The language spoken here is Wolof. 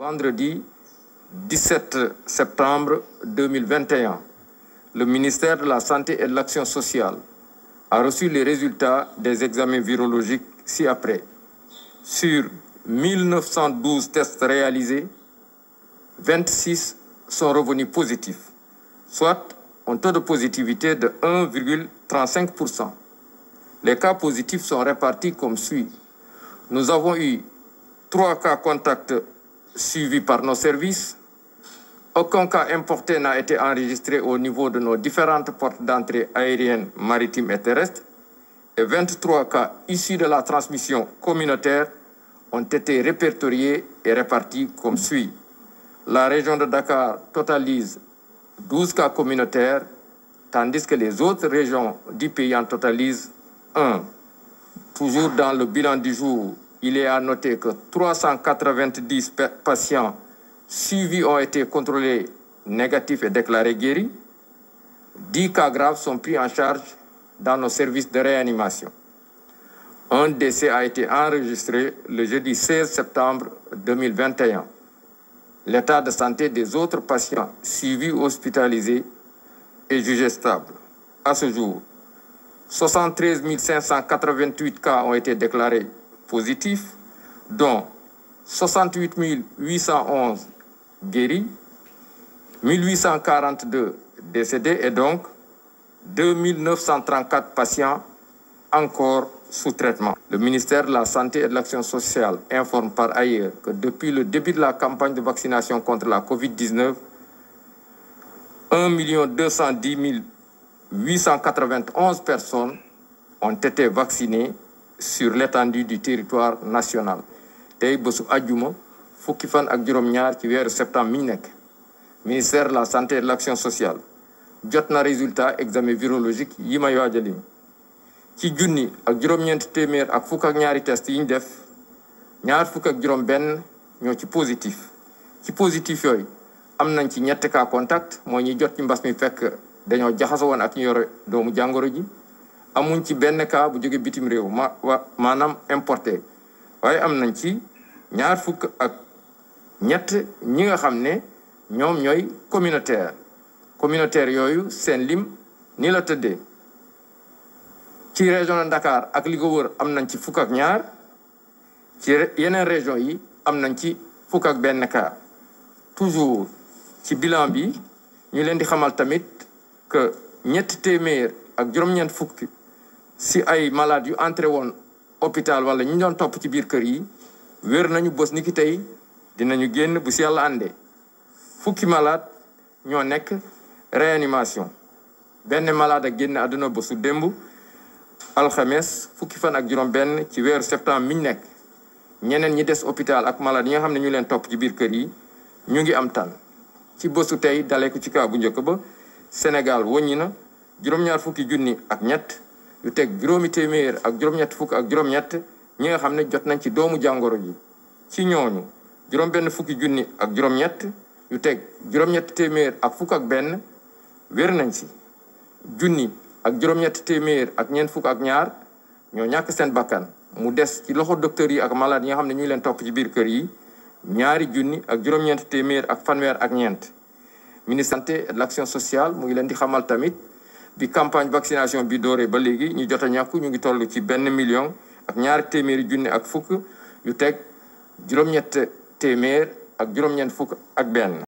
Vendredi 17 septembre 2021, le ministère de la Santé et de sociale a les résultats des examens virologiques ci-après. Sur 1912 tests réalisés, 26 sont revenus positifs, soit un de positivité de 1,35%. Les cas positifs sont répartis comme suit. Nous avons eu 3 cas suivis par nos services. Aucun cas importé n'a été enregistré au niveau de nos différentes portes d'entrée aériennes, maritimes et terrestres. Et 23 cas de la transmission communautaire ont été répertoriés et répartis comme La région de Dakar totalise 12 cas communautaires, tandis que les autres régions du pays en totalisent 1. Toujours dans le bilan du jour Il est à noter que 390 patients suivis ont été contrôlés négatifs et déclarés guéris. 10 cas graves sont pris en charge dans nos services de réanimation. Un décès a été enregistré le jeudi 16 septembre 2021. L'état de santé des autres patients suivis hospitalisés est jugé stable. À ce jour, 73 588 cas ont été déclarés positifs, dont 68 811 guéris, 1842 décédés et donc 2934 patients encore sous Le ministère la Santé l'Action sociale informe par ailleurs que depuis le début de campagne de vaccination contre la COVID-19, 1 210 891 personnes ont été vaccinées sur l'étendue du territoire national tey bésu ajjuma fukki fan ak juróom-ñaar ci weeru septembre mi ñu nekk ministère de la santé et de l'action sociale jot na résultat examen virologique yi may waaj a ci junni ak juróom-ñeenti téeméer ak fukk ak ñaari test yi ñu def ñaar fukk ak juróom-benn ñoo ci positif ci positif yooyu am nañ ci ñett ka contact mooy ñi jot ci mbas mi fekk dañoo jaxaso woon ak ñu yore doomu jàngoro ji amuñ ci benn kaa bu jóge bitim réew ma wa maanaam importé waaye am nañ ci ñaar fukk ak ñett ñi nga xam ne ñoom ñooy communautaire communautaire yooyu seen lim ni la tëddee ci région de Dakar ak li ko wër am nañ ci fukk ak ñaar ci yeneen région yi am nañ ci fukk ak benn cas toujours ci bilan bi ñu leen di xamal tamit que ñetti téeméer ak juróom-ñeent fukki si ay malade yu entré woon hôpital wala ñu doon topp ci biir kër yi wér nañu bës ni ki tey dinañu génn bu si yàlla àndee fukki malade ñoo nekk réanimation benn malade a génn àdduna bësu démb alxames fukki fan ak juróom benn ci weeru septembre miñ nekk ñeneen ñi des hôpital ak malade yi nga xam ne ñu leen topp ci biir kër yi ñu ngi am tan ci bësu tey dalee ci kaw bu njëkk ba Sénégal wëññi na juróom-ñaar fukki junni ak ñett yu teg juróomi téeméer ak juróom-ñett fukk ak juróom-ñett ñi nga xam ne jot nañ ci doomu jàngoro ji ci ñooñu juróom fukki junni ak juróom-ñett yu teg juróom-ñett téeméer ak fukk ak benn wér nañ ci junni ak juróom-ñett téeméer ak ñeent fukk ak ñaar ñoo ñàkk seen bakkan mu des ci loxo docteur yi ak malade yi nga xam ne ñu leen topp ci biir kër yi ñaari junni ak juróom-ñeent téeméer ak fanweer ak ñeent ministre santé de l'action sociale mu ngi leen di xamal tamit bi campagne vaccination bi dooree ba léegi ñu jot a ñu ngi toll ci benn million ak ñaari téeméeri junne ak fukk yu teg juróom-ñett téeméer ak juróom-ñeent fukk ak benn.